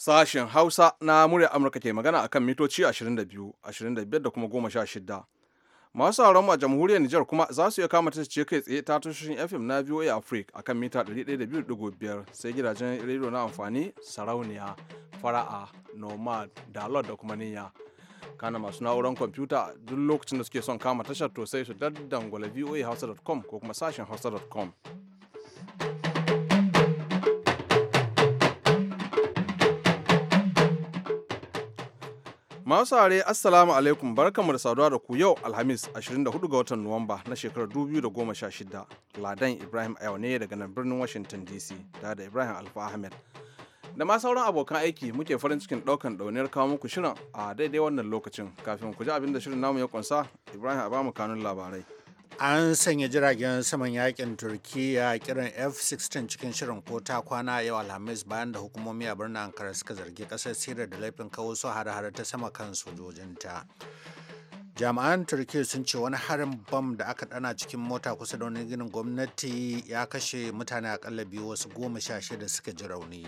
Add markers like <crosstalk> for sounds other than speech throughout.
Sashen Hausa na murya Amurka ke magana akan mitoci 22, 25 da kuma 16. Masu sauran a jamhuriyar Nijar kuma za su iya kama ce kai tsaye ta tashoshin FM na VOA Africa akan mita 102.5 sai gidajen rediyo na amfani sarauniya, fara'a, nomad, dalot da kuma niyya. kana masu na'urar kwamfuta duk lokacin da suke son kama tashar to sai su daddangwala voahausa.com ko kuma sashen hausa.com. Masu saurare Assalamu alaikum barkamu da saduwa da ku yau Alhamis 24 ga watan Nuwamba na shekarar 2016. Ladan Ibrahim a ne daga nan birnin Washington DC da da Ibrahim Alfa Ahmed. Da ma sauran abokan aiki muke farin cikin daukan dauniyar kawo muku shirin a daidai wannan lokacin kafin ku ji abin da shirin namu ya kunsa Ibrahim a bamu kanun labarai. an sanya jiragen saman yakin turkiya kiran f-16 cikin shirin kota ta kwana yau alhamis bayan da hukumomi a birnin ankara suka zargi kasar siriya da laifin kawo su hare-hare ta sama kan sojojinta jami'an turkiya sun ce wani harin bam da aka dana cikin mota kusa da wani ginin gwamnati ya kashe mutane akalla biyu wasu goma sha shida suka ji rauni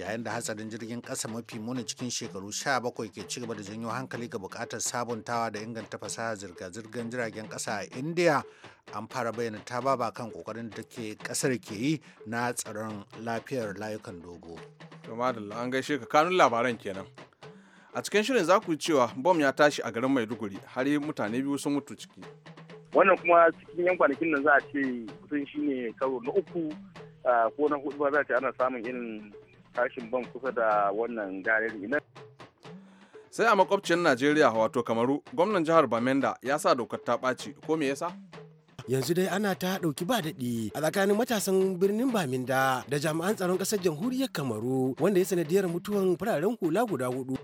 yayin da hatsarin jirgin ƙasa mafi muni cikin shekaru 17 ke cigaba da janyo hankali ga bukatar sabuntawa da inganta fasaha zirga-zirgar jiragen kasa a india an fara bayyana ta ba kan kokarin da ke ƙasar ke yi na tsaron lafiyar layukan dogo. an gaishe ka kanun labaran kenan. a cikin shirin za ku cewa bom ya tashi a garin maiduguri har yi mutane biyu sun mutu ciki wannan kuma cikin yan kwanakin nan za a ce kusan shine karo na uku ah, ko na hudu ba za a ce ana samun irin tashin ban kusa da wannan garin ina sai a makwabcin najeriya wato kamaru gwamnan jihar bamenda ya sa dokar ta ɓaci ko me yasa yanzu dai ana ta ɗauki ba daɗi a tsakanin matasan birnin baminda da jami'an tsaron ƙasar jamhuriyar kamaru wanda ya sanadiyar mutuwan fararen hula guda hudu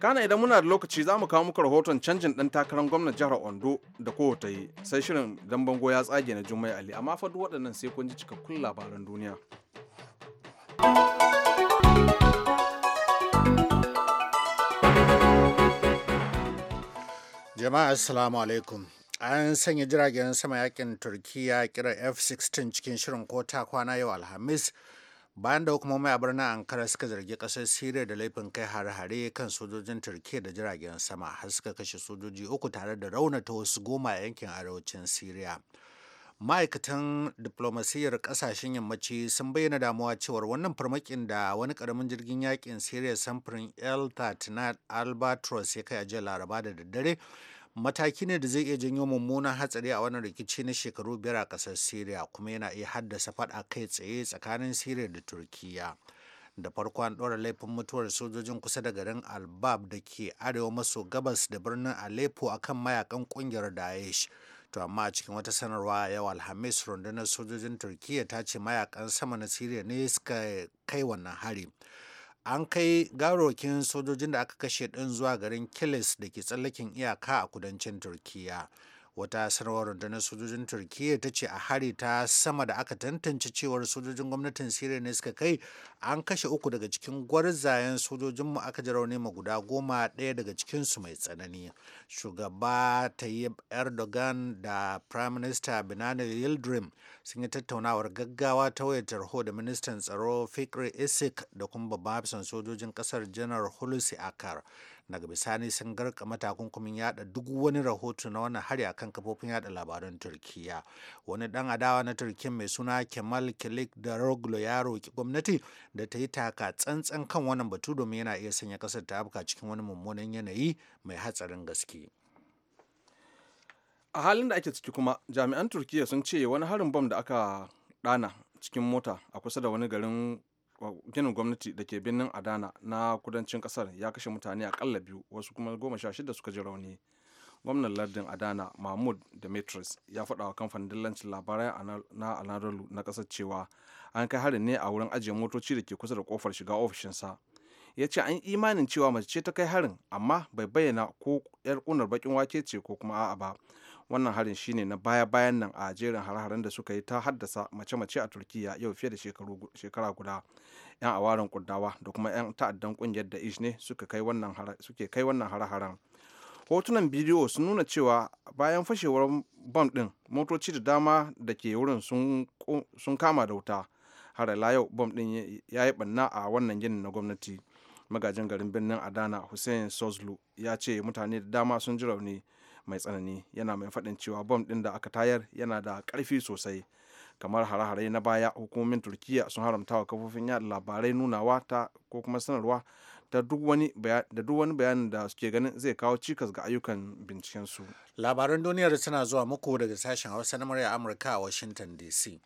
kana idan muna da lokaci za mu kawo muku rahoton canjin ɗan takarar gwamnan jihar ondo da kowace yi sai shirin dan bango ya tsage na jummai ali amma fa duk waɗannan sai kun ji cikakkun labaran duniya jama'a assalamu alaikum an sanya jiragen sama yakin turkiya kira f-16 cikin shirin kota kwana yau alhamis bayan da hukumomi a birnin ankara suka zargi kasar siriya da laifin kai hare-hare kan sojojin turkiya da jiragen sama har suka kashe sojoji uku tare da raunata wasu goma a yankin arewacin siriya ma'aikatan diplomasiyyar kasashen yammaci sun bayyana damuwa cewar wannan farmakin da wani karamin jirgin yakin siriya samfurin l-39 albatros ya kai a jiya laraba da daddare mataki ne da zai iya janyo mummunan hatsari a wannan rikici na shekaru biyar a kasar siriya kuma yana iya haddasa faɗa kai tsaye tsakanin siriya da turkiya da farko an ɗora laifin mutuwar sojojin kusa da garin albab da ke arewa maso gabas da birnin aleppo akan mayakan ƙungiyar daesh to amma a cikin wata sanarwa yau alhamis rundunar sojojin turkiyya ta ce mayakan sama na siriya ne suka kai wannan hari an kai garokin sojojin da aka kashe ɗin zuwa garin kilis da ke tsallakin iyaka a kudancin turkiyya wata sanarwar rundunar sojojin turkiyya ta ce a hari ta sama da aka tantance cewar sojojin gwamnatin siriya ne suka kai an kashe uku daga cikin gwarzayen sojojinmu aka ji rauni ma guda goma ɗaya daga cikinsu mai tsanani shugaba tayyip erdogan da prime minister binani yildirim sun yi tattaunawar gaggawa ta wayar tarho da ministan tsaro fikri isik da kuma babban hafsan sojojin kasar janar hulusi akar daga bisani sun garka matakunkumin yada duk wani rahoto na wannan hari akan kafofin yada labaran turkiya wani dan adawa na turkiya mai suna kemal kilik da roglo ya roki gwamnati da ta yi taka tsantsan kan wannan batu domin yana iya sanya kasar ta afka cikin wani mummunan yanayi mai hatsarin gaske a halin da ake ciki kuma jami'an turkiya sun ce wani harin bom da aka dana cikin mota a kusa da wani garin ginin gwamnati da ke birnin adana na kudancin kasar ya kashe mutane akalla biyu wasu kuma goma sha shida suka ji rauni gwamnan lardin adana mahmud demetrius ya faɗawa kamfanin dillancin labarai na anadolu na kasar cewa an kai harin ne a wurin ajiye motoci da ke kusa da kofar shiga ofishinsa ya ce an imanin cewa mace ce ta kai harin amma bai bayyana ko yar kunar bakin wake ce ko kuma a'a ba wannan harin shine na baya-bayan nan a jerin hare haren da suka yi ta haddasa mace-mace a turkiya yau fiye da shekara guda yan awarin kuddawa da kuma yan ta'addan kungiyar da ish ne suke kai wannan hare haren hotunan bidiyo sun nuna cewa bayan fashewar bam din motoci da dama da ke wurin sun kama da wuta har yau bam din ya yi banna a wannan ginin na gwamnati magajin garin birnin adana hussein sozlu ya ce mutane da dama sun ji rauni mai tsanani yana mai faɗin cewa bom ɗin da aka tayar yana da ƙarfi sosai kamar hare-hare na baya hukumomin turkiya sun haramta wa kafofin yada labarai nunawa ta ko kuma sanarwa da duk wani bayanin da suke ganin zai kawo cikas ga ayyukan bincikensu labaran duniyar suna zuwa muku daga sashen hausa na murya amurka a washington dc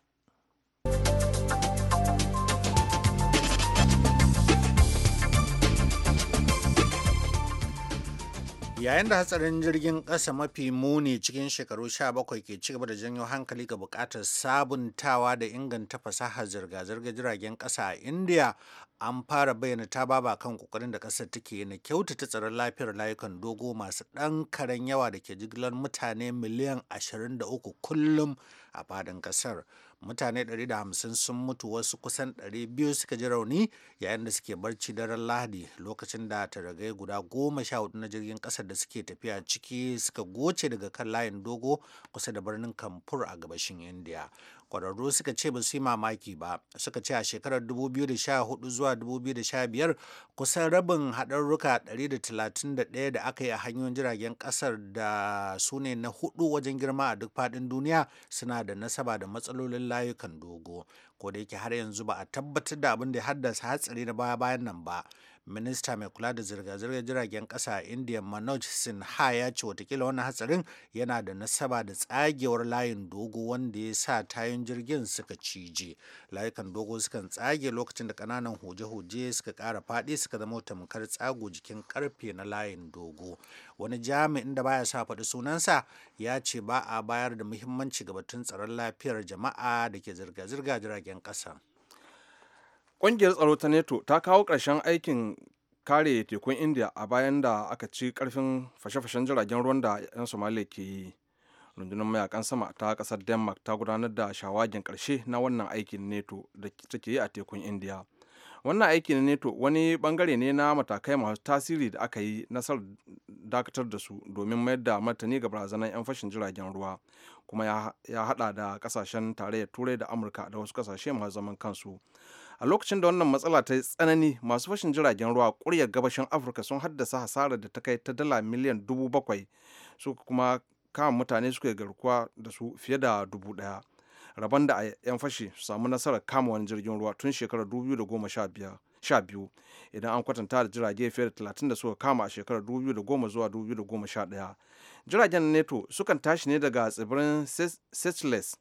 yayin da hatsarin jirgin ƙasa mafi muni cikin shekaru 17 ke cigaba da janyo hankali ga buƙatar sabuntawa da inganta fasahar zirga-zirgar jiragen ƙasa a india an fara bayyana ta baba kan kokarin da ƙasar take na kyautata tsaron lafiyar layukan dogo masu ɗan karen yawa da ke jigilar mutane miliyan 23 kullum a fadin ƙasar mutane 150 sun mutu wasu kusan 200 suka ji rauni yayin da suke barci daren lahadi lokacin da taragai guda goma sha hudu na jirgin kasar da suke tafiya ciki suka goce daga kan layin dogo kusa da birnin kamfur a gabashin india kwararru suka ce ba su yi mamaki ba suka ce a shekarar 2014 zuwa 2015 kusan rabin haɗarruka 131 da aka yi a hanyoyin jiragen ƙasar da su ne na hudu wajen girma a duk faɗin duniya suna da nasaba da matsalolin layukan dogo ko da yake har yanzu ba a tabbatar da abin da ya haddasa hatsari na baya bayan nan ba minista mai kula da zirga-zirgar jiragen kasa a indiya manoj sinha ya ce watakila wani hatsarin yana da nasaba da tsagewar layin dogo wanda ya sa tayin jirgin suka cije layukan dogo sukan tsage lokacin da kananan hoje-hoje suka kara faɗi suka zama tamkar tsago jikin karfe na layin dogo wani jami'in da baya sa faɗi sunansa ya ce ba a bayar da muhimmanci ga batun tsaron lafiyar jama'a da ke zirga-zirga jiragen ƙasa. ƙungiyar tsaro ta neto ta kawo ƙarshen aikin kare tekun india a bayan da aka ci karfin fashe-fashen jiragen ruwan da 'yan somalia ke yi rundunar mayakan sama ta kasar denmark ta gudanar da shawagin karshe na wannan aikin neto da take yi a tekun india wannan aikin na neto wani bangare ne na matakai masu tasiri da aka yi nasarar dakatar da su domin mayar da martani ga barazanar 'yan fashin jiragen ruwa kuma ya hada da kasashen tarayyar turai da amurka da wasu kasashe masu zaman kansu a lokacin da wannan matsala ta tsanani masu fashin jiragen ruwa kuryar gabashin afirka sun haddasa hasarar da ta kai ta dala miliyan dubu bakwai su kuma kama mutane suka garkuwa da su fiye da dubu daya rabon da a yan fashi su samu nasarar kama wani jirgin ruwa tun shekarar dubu sha idan an kwatanta da jirage fiye da talatin da suka kama a shekarar dubu zuwa dubu jiragen neto sukan tashi ne daga tsibirin seychelles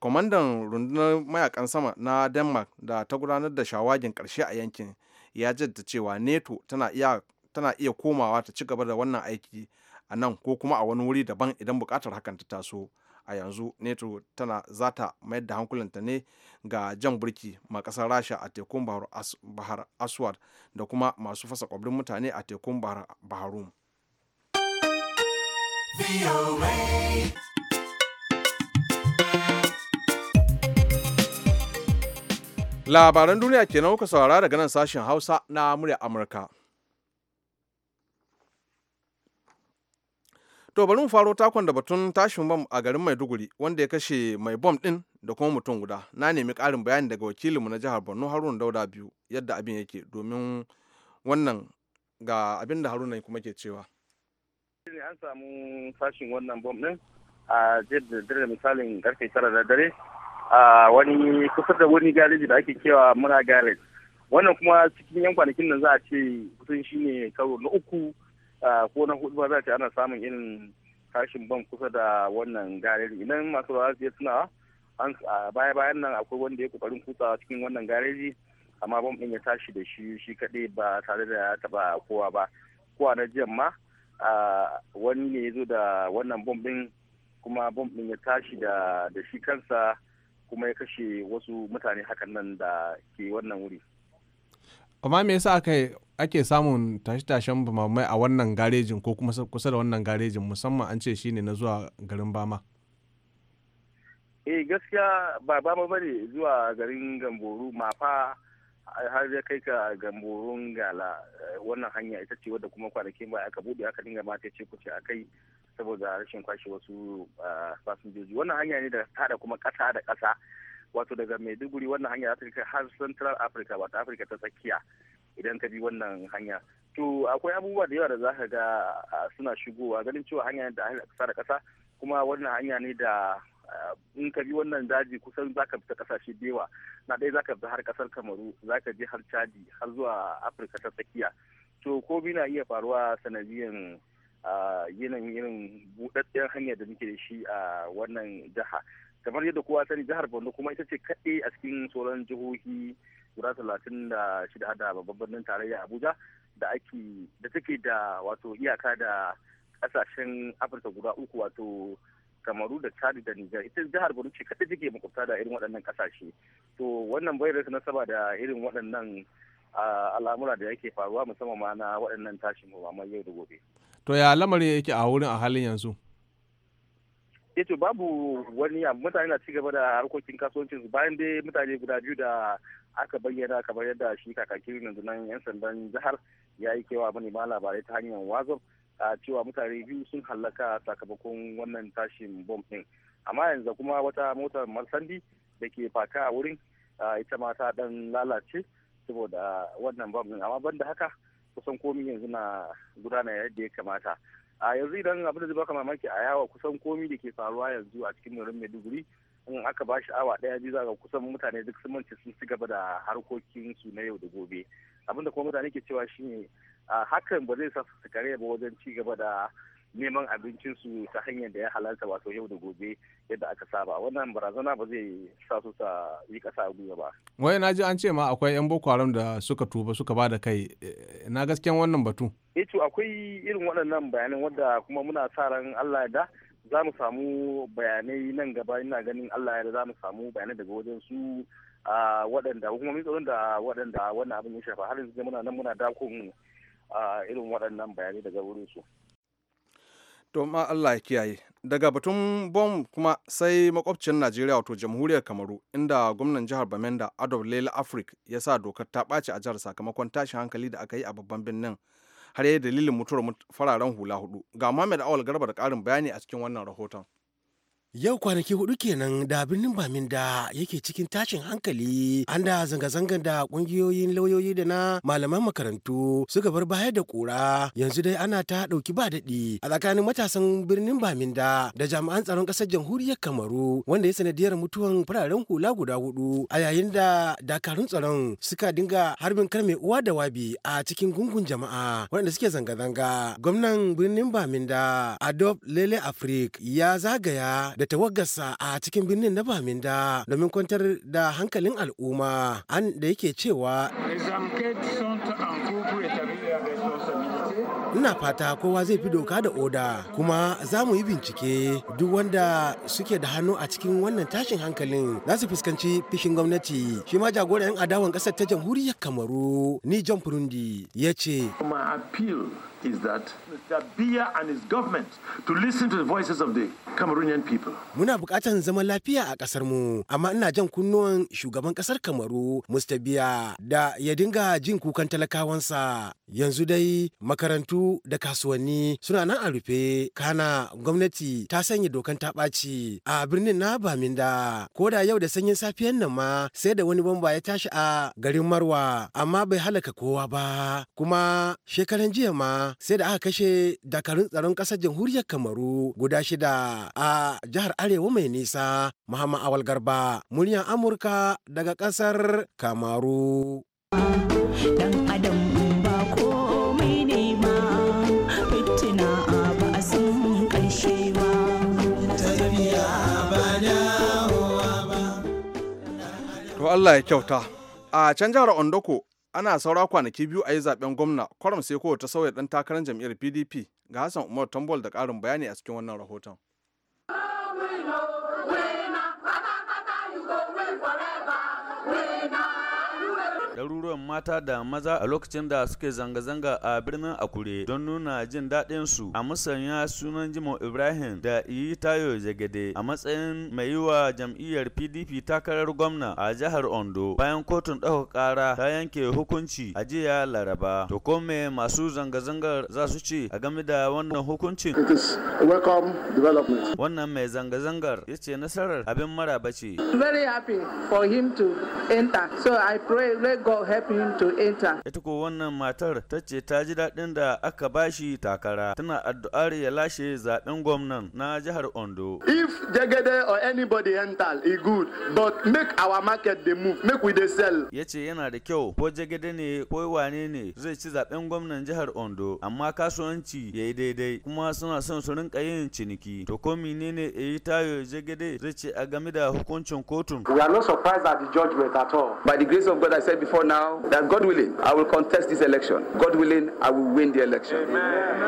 kwamandan rundunar mayakan sama na denmark da ta gudanar da shawagin karshe a yankin ya jaddada cewa neto tana iya komawa ta ci gaba da wannan aiki a nan ko kuma a wani wuri daban idan bukatar hakan ta taso a yanzu neto tana zata mayar da hankulinta ne ga jan burki ma kasar rasha a tekun bahar aswad da kuma masu fasa kwabrin mutane a tekun bahar baharum labaran duniya ke kuka saurara daga nan sashen hausa na murya amurka to bari mu faro takon da batun tashin bom a garin maiduguri wanda ya kashe mai bom din da kuma mutum guda na nemi karin bayani daga wakilinmu na jihar borno haruna dauda biyu yadda abin yake domin wannan ga abin da haruna kuma ke cewa an samu fashin wannan bom din a jirgin misalin karfe tara da dare a wani kusa da wani gareji da ake kewa mura gareji wannan kuma cikin yan kwanakin nan za a ce kusan ne karo na uku ko na hudu ba za a ce ana samun irin tashin ban kusa da wannan gareji idan masu rawa su a baya bayan nan akwai wanda ya kokarin kusawa cikin wannan gareji amma ban ɗin ya tashi da shi shi kaɗai ba tare da ya taɓa kowa ba kowa na jiyan ma wani ne ya zo da wannan bom ɗin kuma bom ɗin ya tashi da shi kansa kuma ya kashe wasu mutane hakan nan da ke wannan wuri amma me yasa aka ake samun tashe-tashen bamamai a wannan garejin ko kuma kusa da wannan garejin musamman an ce shine na zuwa garin bama eh gaskiya ba bama bane zuwa garin gamboru mafa har ya kai ka gamborun gala eh, wannan hanya ita ce wadda kuma kwanakin ba aka bude aka dinga mata ce kuce akai saboda rashin kwashe wasu ah, fasinjoji wannan hanya ne da tada kuma kasa da kasa wato daga maiduguri wannan hanya zata kai har central africa wato afirka ta tsakiya idan ka bi wannan hanya to akwai abubuwa da yawa da za ka ga ah, suna shigowa ganin cewa hanya ne da kasa da kasa kuma wannan hanya ne da ah, in ka bi wannan daji kusan za ka fita kasashe da yawa na ɗaya za ka fita har kasar kamaru za ka je har chadi har zuwa afirka ta tsakiya to ko bi na iya faruwa sanadiyan yinin irin buɗaɗɗen hanya da muke da shi a wannan jiha kamar yadda kowa sani jihar borno kuma ita ce kaɗai a cikin sauran jihohi guda talatin da shida da babban birnin tarayya abuja da ake da take da wato iyaka da ƙasashen afirka guda uku wato kamaru da Chadi da niger ita jihar borno ce kaɗai take makwabta da irin waɗannan ƙasashe to wannan bai rasa nasaba da irin waɗannan al'amura da yake faruwa musamman ma na waɗannan tashin mamman yau da gobe. to ya lamarin yake a wurin a halin yanzu ya eh ce babu wani mutane na cigaba da harkokin kasuwancinsu bayan dai mutane guda biyu da aka bayyana kamar yadda shi kakakin nan yan sandan jihar ya yi kewa manema labarai ta hanyar wazaf a cewa mutane biyu sun hallaka sakamakon wannan tashin bom din amma yanzu kuma wata motar marsandi da ke faka a wurin ita ma ta dan lalace saboda wannan bom din amma ban da haka kusan komi yanzu na gudana yadda ya kamata a yanzu idan abin da zai baka mamaki a yawa kusan komi da ke faruwa yanzu a cikin garin maiduguri in aka ba shi awa daya biyu ga kusan mutane duk sun mance sun ci gaba da harkokinsu na yau da gobe abin da kuma mutane ke cewa shine hakan ba zai sa su kare ba wajen ci gaba da neman abincinsu ta hanyar da ya halarta wato yau da gobe yadda aka saba wannan barazana ba zai sa su ta yi kasa a ba. wai na ji an ce ma akwai yan boko haram da suka tuba suka ba da kai na gasken wannan batu. eh to akwai irin waɗannan bayanan wadda kuma muna sa ran Allah da za mu samu bayanai nan gaba ina ganin Allah ya za mu samu bayanai daga wajen su a waɗanda hukumomin tsaron da waɗanda wannan abin ya shafa har yanzu muna nan muna dakon irin waɗannan bayanai daga wurin su. ma Allah ya kiyaye daga batun bom kuma sai makwabcin najeriya wato jamhuriyar kamaru inda gwamnan jihar bamenda adolf lela africa ya sa dokar ta ɓaci a jihar sakamakon tashin hankali da aka yi a babban birnin har yi dalilin mutuwar fararen hula hudu ga muhammad awal garba da ƙarin bayani a cikin wannan rahoton Yau kwanaki hudu kenan da birnin Baminda yake cikin tashin hankali an da zanga-zangar da kungiyoyin lauyoyi da na malaman makarantu suka bar baya da kura yanzu dai ana ta dauki ba daɗi a tsakanin matasan birnin Baminda da jami'an tsaron ƙasar jamhuriyar Kamaru wanda ya sanadiyar mutuwan fararen hula guda hudu a yayin da dakarun tsaron suka dinga harbin kar mai uwa da wabi a cikin gungun jama'a waɗanda suke zanga-zanga. Gwamnan birnin Baminda Adolf Lele Afrik ya zagaya da tawagarsa a cikin birnin na Baminda domin kwantar da hankalin al'umma an da yake cewa ina fata kowa zai fi doka da oda kuma za mu yi bincike duk wanda suke da hannu a cikin wannan tashin hankalin za su fuskanci fishin gwamnati shi ma jagoran adawan kasar ta jamhuriyar kamaru ni john burundi ya ce is that Mr. Biya and his government to listen to the voices of the Cameroonian people. Muna bukatan zaman lafiya a ƙasar mu, amma ina jan kunnuwan shugaban ƙasar Kamaru, Mr. Biya, da ya dinga jin kukan talakawansa. Yanzu dai makarantu da kasuwanni suna nan a rufe, kana gwamnati ta sanya dokan ta ɓaci a birnin na Baminda. Ko da yau da sanyin safiyan nan ma sai da wani bamba ya tashi a garin Marwa, amma bai halaka kowa ba, kuma shekaran jiya ma sai da aka kashe dakarun tsaron ƙasar jamhuriyar kamaru guda shida a jihar arewa mai nisa muhammad awal garba muryar amurka daga ƙasar kamaru dan komai ne ma fitina to Allah ya kyauta a can jihar ondoko ana saura kwanaki biyu a yi zaben gwamna kwaram sai kowace sauya dan takarar jam'iyyar pdp ga hassan umar tambol da karin bayani a cikin wannan rahoton ɗaruruwan mata da maza a lokacin da suke zanga-zanga a birnin Akure don nuna jin daɗin su a musanya sunan Jimo Ibrahim da Iyi Tayo Jagede a matsayin mai yi wa jam'iyyar PDP takarar gwamna a jihar Ondo bayan kotun ɗaukar ƙara ta yanke hukunci a jiya Laraba. To ko me masu zanga-zangar za su ce a game da wannan hukuncin? Wannan mai zanga-zangar ya ce nasarar abin maraba ce. Very happy for him to enter. So I pray, let about helping him to enter. Ita ko wannan matar ta ce ta ji daɗin da aka bashi takara tana addu'ar ya lashe zaɓen gwamnan na jihar Ondo. If Jagede or anybody enter, it e good, but make our market dey move, make we dey sell. Ya ce yana da kyau ko Jagede ne ko wane ne zai ci zaɓen gwamnan jihar Ondo amma kasuwanci ya yi daidai kuma suna son su rinka yin ciniki. To ko menene yi tayo Jagede zai ce a game da hukuncin kotun. We are not surprised at the judgment at all. By the grace of God I said before for now that God willing, I will contest this election. God willing, I will win the election.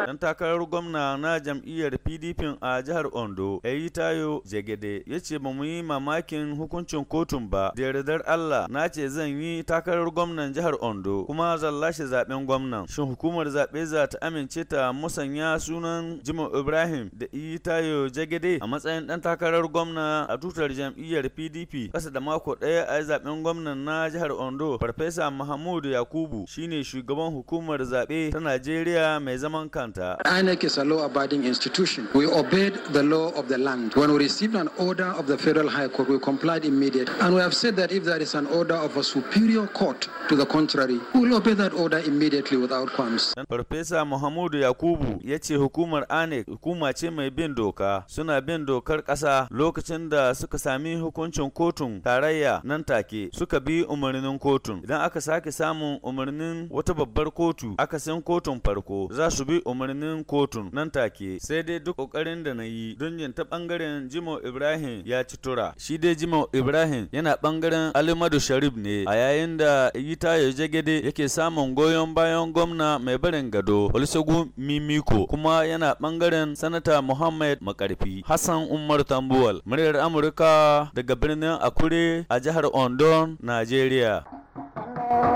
Dan takarar gwamna na jam'iyyar PDP a jihar Ondo, Tayo Jegede, ya ce ba mu yi mamakin hukuncin kotun ba, da yardar Allah na ce zan yi takarar gwamnan jihar Ondo kuma zan lashe zaben gwamnan. Shin hukumar zaɓe za ta amince ta musanya sunan Jimo Ibrahim da Tayo Jegede a matsayin dan takarar gwamna a tutar jam'iyyar PDP kasa da mako ɗaya a zaben gwamnan na jihar Ondo. Farfe Farfesa Mahmud Yakubu shine shugaban hukumar zaɓe ta Najeriya mai zaman kanta. INEC is a law-abiding institution. We obeyed the law of the land. When we received an order of the Federal High Court, we complied immediately. And we have said that if there is an order of a superior court to the contrary, we will obey that order immediately without qualms. Farfesa Muhammadu Yakubu ya ce hukumar INEC hukuma ce mai bin doka. Suna bin dokar ƙasa lokacin da suka sami hukuncin kotun tarayya nan take suka bi umarnin kotun. idan aka sake samun umarnin wata babbar kotu aka san kotun farko za su bi umarnin kotun nan take sai dai duk kokarin da na yi don yin ta bangaren jimo ibrahim ya ci tura shi dai jimo ibrahim yana bangaren alimadu sharif ne a yayin da yita ya jagede yake samun goyon bayan gwamna mai barin gado olusegun mimiko kuma yana bangaren sanata muhammad makarfi hassan umar tambuwal muryar amurka daga birnin akure a jihar ondo najeriya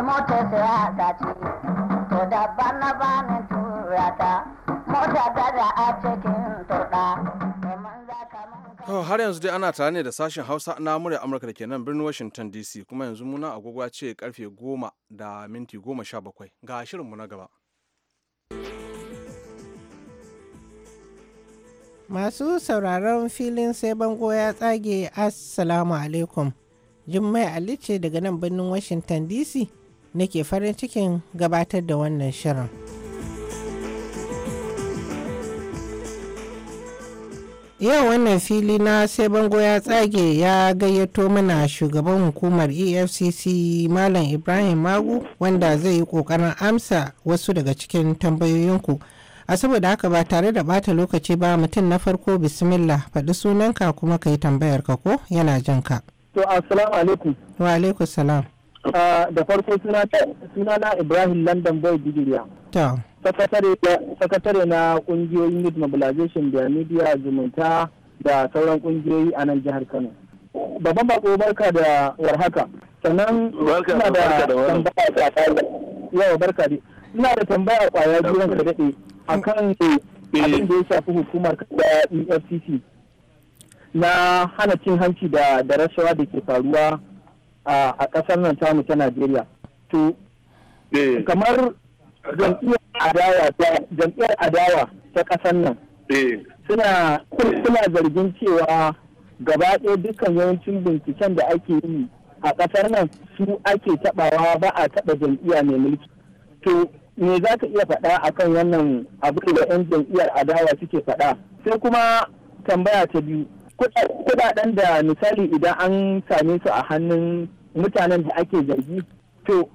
mota har yanzu dai ana tare ne da sashen Hausa na murya Amurka da ke nan birnin Washington DC kuma yanzu muna agogo ce karfe goma da minti goma sha shirin ga shirinmu na gaba. Masu sauraron filin sai bango ya tsage Assalamu alaikum. Jummai alice daga nan birnin Washington DC nake farin cikin gabatar da wannan shirin. Yau wannan fili na sai bango ya tsage ya gayyato mana shugaban hukumar EFCC Malam Ibrahim Magu wanda zai yi kokarin amsa wasu daga cikin tambayoyinku. A saboda haka ba tare da bata lokaci ba mutum na farko bismillah faɗi sunanka kuma ka yi tambayarka ko yana jinka. ka. to assalamu alaikum wa alaikum salam da farko suna suna na ibrahim london boy digiriya sakatare na kungiyoyin youth mobilization da media zumunta da sauran kungiyoyi a nan jihar kano babban bako barka da warhaka sannan ina da tambaya yawa barka dai ina da tambaya kwaya biyu ranka daɗe akan eh. abin da ya shafi hukumar da efcc na hana cin hanci da da rashawa da ke faruwa a ƙasar nan tamu ta Najeriya. To eh. kamar jam'iyyar adawa ta ƙasar nan eh. suna suna zargin cewa gaba ɗaya dukkan yawancin binciken da ake yi a ƙasar nan su ake taɓawa ba a taɓa jam'iyya mai mulki. To me za ka iya faɗa akan wannan abu da 'yan jam'iyyar adawa suke faɗa sai kuma tambaya ta biyu kudaden da misali idan an same su a hannun mutanen da ake zargi to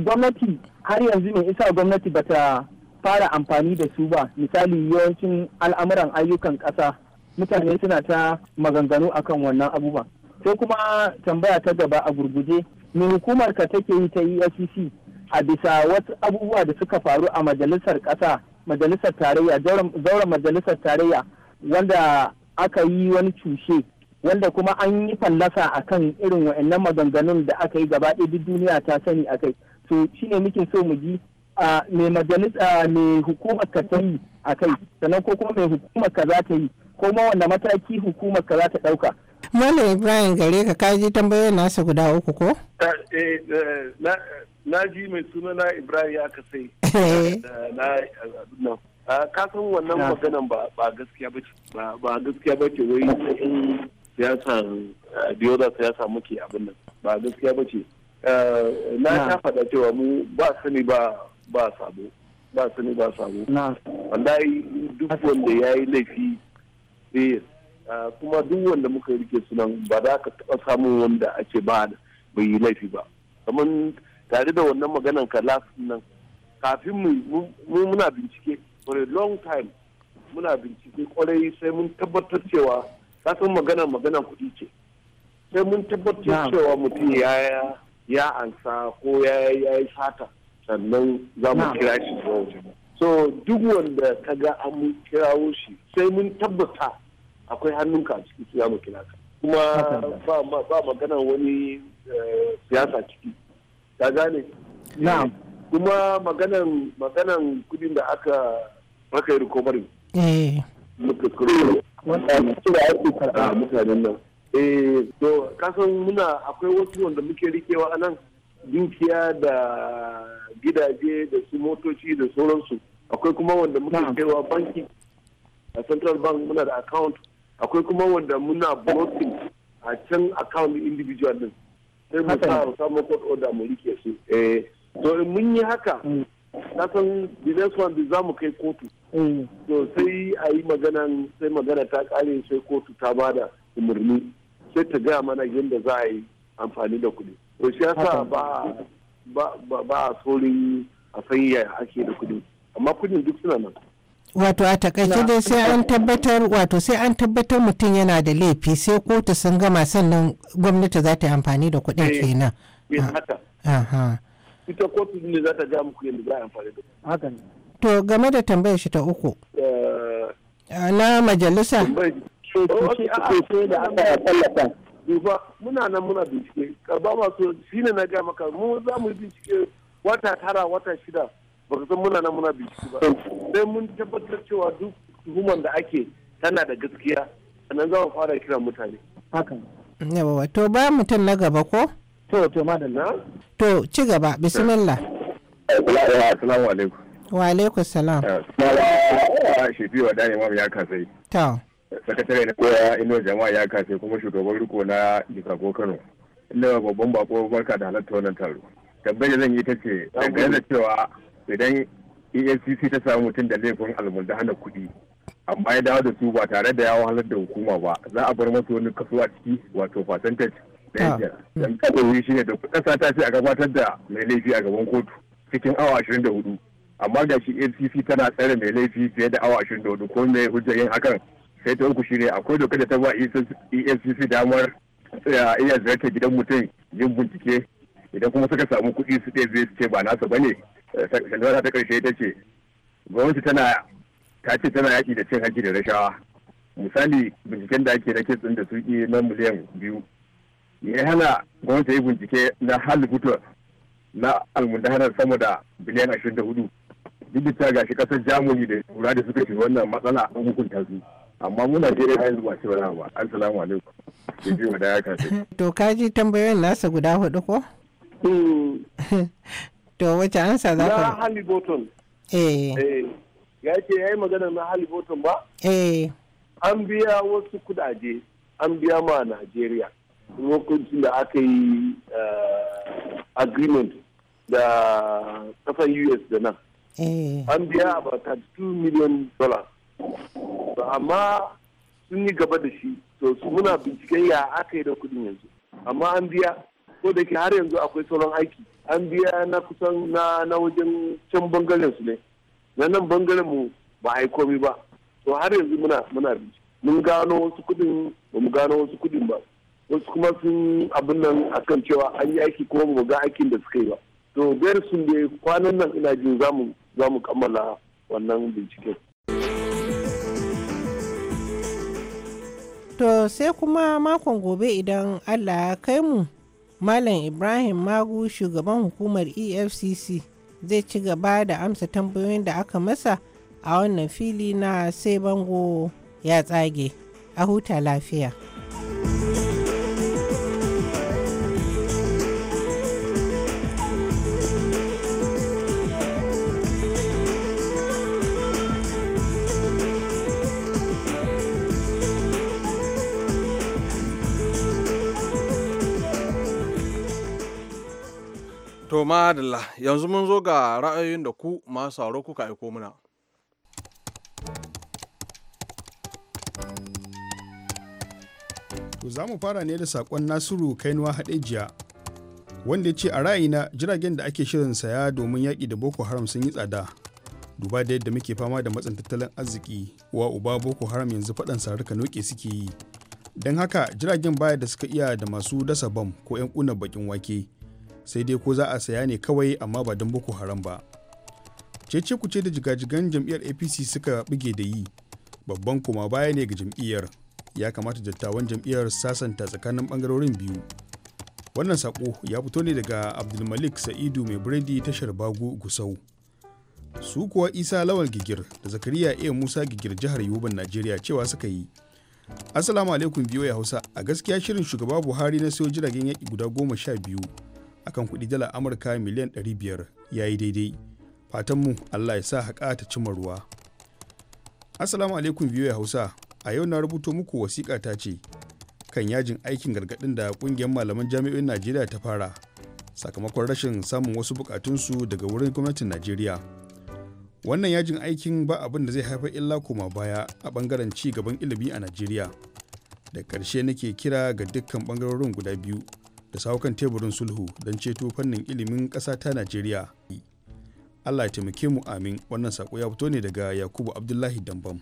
gwamnati har yanzu ne isa gwamnati bata fara amfani da su ba misali yawancin al'amuran ayyukan ƙasa mutane suna ta maganganu akan wannan abubuwa sai kuma tambaya ta gaba a gurguje me hukumar ka take yi ta efcc a bisa wasu abubuwa da suka faru a majalisar ƙasa majalisar tarayya zauren majalisar tarayya wanda aka yi wani cushe wanda kuma an yi fallasa a kan irin wa'annan maganganun da aka yi gaba ɗaya duk duniya ta sani akai to shine muke so mu ji mai majalisa mai hukumar ka ta yi kai sannan ko kuma mai hukumar ka za ta yi ko ma wanda mataki hukumar ka za ta ɗauka Malam Ibrahim gare ka ji tambayoyin nasa guda uku ko? Eh, na ji mai suna na Ibrahim ya kasai. <laughs> ka san wannan maganan ba gaskiya ba ce ba gaskiya ba ce wai in siyasar biyoza siyasa muke abin nan ba gaskiya ba ce na ta faɗa cewa mu ba sani ba ba sabo ba sani ba sabo wallahi duk wanda ya yi laifi sai eh, kuma duk wanda muka rike sunan ba za ka taɓa samun wanda ake ba bai yi laifi ba kamar tare da wannan maganan ka nan kafin mu muna bincike for a long time muna bincike kwarai sai mun tabbatar cewa kasan magana magana kuɗi ce sai mun tabbatar cewa mutum ya ya ansa ko ya yi sata sannan za mu kira shi so duk wanda ka ga an kirawo shi sai mun tabbata akwai hannunka a ciki za mu kira ka kuma ba magana wani eh, siyasa ciki ta gane kuma maganan maganan kudin da aka aka yi recovery eh. muka kuro da ake karɓa ah, mutanen nan eh to kasan muna akwai wasu wanda muke rikewa a nan dukiya da gidaje da su motoci da sauransu akwai kuma wanda muke kaiwa banki a central bank muna da account akwai kuma wanda muna blocking a can account individual din sai mu sa samun court order mu rike su eh to mun yi haka san the next one za mu kai kotu mm. to sai a yi magana sai magana ta kare sai kotu ta ba da umarni sai ta gaya mana yadda za a yi amfani da kuɗi to shi yasa ba ba a sorin a sanya ake da kuɗi amma kuɗin duk suna nan wato a takaice dai sai an tabbatar wato sai an tabbatar mutum yana da laifi sai kotu sun gama sannan gwamnati za ta yi amfani da kuɗin eh, kenan. Eh, ita kotu ne za ta ga muku yadda za a amfani da haka ne to game da tambayar shi ta uku eh, eh, na majalisa duba muna nan muna bincike karba masu shi ne na gaya maka mu za mu bincike wata tara wata shida ba ka san muna nan muna bincike ba sai mun tabbatar cewa duk tuhuman da ake tana da gaskiya sannan za mu fara kiran mutane. Haka. Yawa to ba mutum na gaba ko? To, to, madalla. To, ci gaba, bismillah. Assalamu alaikum. Wa alaikum salam. Eh, ya kasai. To. Sakatare na koya ino jama'a ya kasai kuma shugaban riko na Jikago Kano. Ina babban bako barka da halatta wannan taro. Tabbata zan yi ta ce, dangane da cewa idan EFCC ta samu mutum da laifin almundahan hana kuɗi. Amma ya dawo da su ba tare da ya halar da hukuma ba, za a bar masu wani kasuwa ciki wato percentage Dan kabari shi ne da ƙasa ta ce a gabatar da mai laifi a gaban kotu cikin awa ashirin Amma ga shi ACC tana tsare mai laifi fiye da awa ashirin da hudu ko mai hujjar yin hakan. Sai ta uku shirya akwai dokar da ta ba acc e damar iya ziyartar gidan mutum yin bincike idan kuma suka samu kuɗi su ɗaya su ce ba nasa ba ne shekara eh, ta ƙarshe ta ce gwamnati tana ta ce tana yaƙi da cin hanci da rashawa misali binciken da ake na kitsin da suki na miliyan biyu ya hana gwamnati yi bincike na hal gutur na almundahanar sama da biliyan ashirin da hudu duk da ga kasar jamuni da kura da suka shiga wannan matsala an hukunta su amma muna jere a yanzu ba ce wani an salamu alaikum <laughs> ji da ya kace to kaji tambayoyin nasa guda hudu ko hmm. <laughs> to wace ansa za ka na hali boton eh. eh ya ce ya yi magana na hali boton ba eh an biya wasu kudaje an biya ma a najeriya lokacin da aka yi eh, agreement da kasar us da nan eh. an biya about 32 million dollars amma sun yi gaba da shi to su muna binciken ya aka yi da kudin yanzu amma an biya ko da ke har yanzu akwai sauran aiki an biya na kusan na wajen can bangaren su ne na nan bangaren mu ba a yi komi ba to har yanzu muna muna mun gano wasu kudin ba mu gano wasu kudin ba wasu kuma sun abin nan akan cewa an yi aiki kuma mu ga aikin da suka yi ba to biyar sun da kwanan nan ina jin za mu kammala wannan binciken to sai kuma makon gobe idan allah ya kai mu malam ibrahim magu shugaban hukumar efcc zai ci gaba da amsa tambayoyin da aka masa a wannan fili na sai bango ya tsage a huta lafiya. To madalla yanzu mun zo ga ra'ayoyin da ku masu sauro kuka aiko muna. To za mu fara ne da saƙon Nasiru Kainuwa Hadejiya wanda ya ce a ra'ayina jiragen da ake shirin saya domin yaƙi da Boko Haram sun yi tsada. Duba da yadda muke fama da matsin tattalin arziki wa uba Boko Haram yanzu faɗan sarika noke suke yi. Don haka jiragen baya da suka iya da masu dasa bam ko 'yan ƙunar bakin wake. sai dai ko za a saya ne kawai amma ba don boko haram ba cece ce da jigajigan jam'iyyar apc suka buge da yi babban koma baya ne ga jam'iyyar ya kamata dattawan jam'iyyar sasanta tsakanin bangarorin biyu wannan sako ya fito ne daga abdulmalik sa'idu mai biredi tashar bago gusau su kuwa isa lawal gigir da zakariya a musa gigir jihar yoban najeriya cewa suka yi assalamu alaikum biyo ya hausa a gaskiya shirin shugaba buhari na siyo jiragen yaƙi guda goma sha biyu akan kuɗi dala amurka miliyan 500 ya yi daidai fatanmu allah ya sa haƙa ta cimma ruwa assalamu alaikum biyu hausa a yau na rubuto muku wasiƙa ta ce kan yajin aikin gargaɗin da ƙungiyar malaman jami'o'in najeriya ta fara sakamakon rashin samun wasu buƙatunsu daga wurin gwamnatin najeriya wannan yajin aikin ba abin da zai haifar illa koma baya a bangaren ci gaban ilimi a najeriya da ƙarshe nake kira ga dukkan bangarorin guda biyu da saukan teburin sulhu don ceto fannin ilimin ƙasa ta najeriya allah ya taimake mu amin wannan sako ya fito ne daga yakubu abdullahi dambam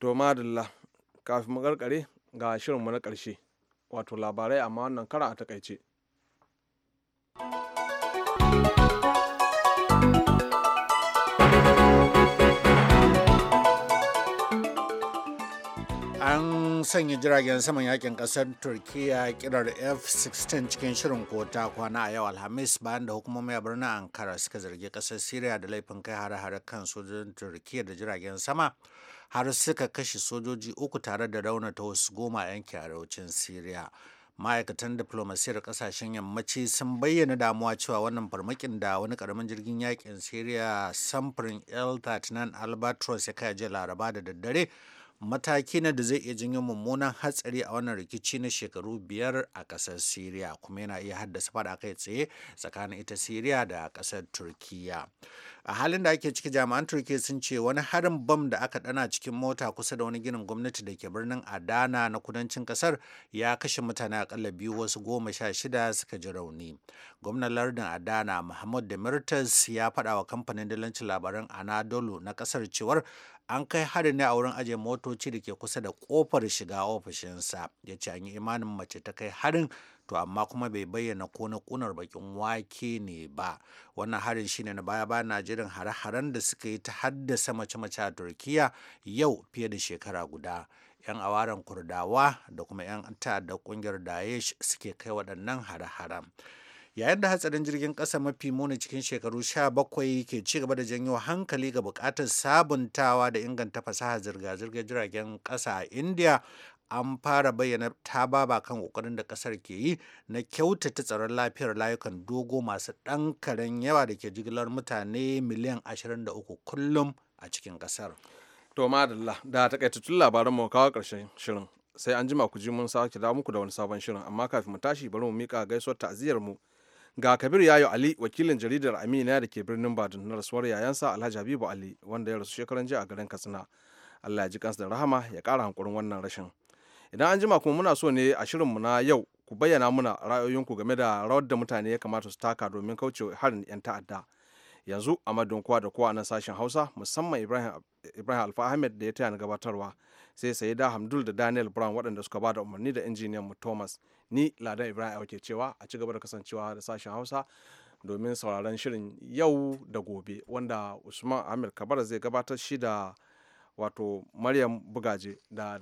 to madalla kafin mu karkare ga shirinmu na ƙarshe wato labarai amma wannan kara a takaice. sanya jiragen saman yakin kasar turkiya kirar f-16 cikin shirin kota kwana a yau alhamis bayan da hukumomi a birnin ankara suka zargi kasar syria da laifin kai hare-hare kan sojojin turkiya da jiragen sama har suka kashe sojoji uku tare da raunata wasu goma a yankin arewacin syria ma'aikatan diplomasiyar kasashen yammaci sun bayyana damuwa cewa wannan farmakin da wani karamin jirgin yakin syria samfurin l-39 albatros ya kai jiya laraba da daddare mataki na da zai iya janyo mummunan hatsari a wannan rikici na shekaru biyar a ƙasar Siriya kuma yana iya haddasa fada kai tsaye tsakanin ita Siriya da ƙasar Turkiya. A halin da ake ciki jami'an Turkiya sun ce wani harin bam da aka dana cikin mota kusa da wani ginin gwamnati da ke birnin Adana na kudancin ƙasar ya kashe mutane akalla biyu wasu goma sha shida suka ji rauni. Gwamnan lardin Adana Muhammad Demirtas ya faɗa wa kamfanin dalancin labaran Anadolu na ƙasar cewar an kai harin ne a wurin ajiye motoci da ke kusa da kofar shiga ofishinsa ya ce an yi imanin mace ta kai harin to amma kuma bai bayyana ko na kunar bakin wake ne ba wannan harin shine na baya ba na jirin hare-haren da suka yi ta haddasa mace-mace a turkiya yau fiye da shekara guda 'yan awaren kurdawa da kuma 'yan da kungiyar daesh suke kai waɗannan hare-haren yayin da hatsarin jirgin kasa mafi muni cikin shekaru 17 ke ci gaba da janyo hankali ga bukatar sabuntawa da inganta fasaha zirga-zirgar jiragen kasa a india an fara bayyana tababa kan kokarin da kasar ke yi na kyautata tsaron lafiyar layukan dogo masu ɗankaren yawa da ke jigilar mutane miliyan 23 kullum a cikin kasar. To madalla da takaitattun labaran mu kawo ƙarshen shirin sai an jima ku ji mun sake da muku da wani sabon shirin amma kafin mu tashi bari mu mika gaisuwar ta'aziyar mu ga kabir yayo ali wakilin jaridar amina da ke birnin badin na rasuwar yayansa alhaji habibu ali wanda ya rasu shekaran jiya a garin katsina allah ya ji kansa da rahama ya kara hankurin wannan rashin idan an jima kuma muna so ne a shirinmu na yau ku bayyana muna ra'ayoyinku game da rawar da mutane ya kamata su taka domin kaucewa harin 'yan ta'adda yanzu a madon kowa da kowa na sashen hausa musamman ibrahim alfa ahmed da ya taya na gabatarwa sai sai da hamdul da daniel brown waɗanda suka ba da umarni da injiniyan mu thomas ni ladan ibrahim auke cewa a ci gaba da kasancewa da sashen hausa domin sauraron shirin yau da gobe wanda usman ahmed kabar zai gabatar shi da wato maryam bugaje da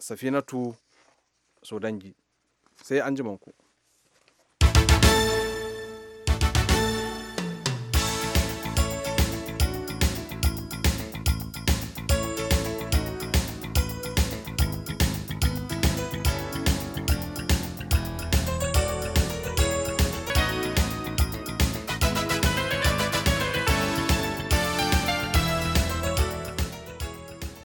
safinatu sodangi sai an ku.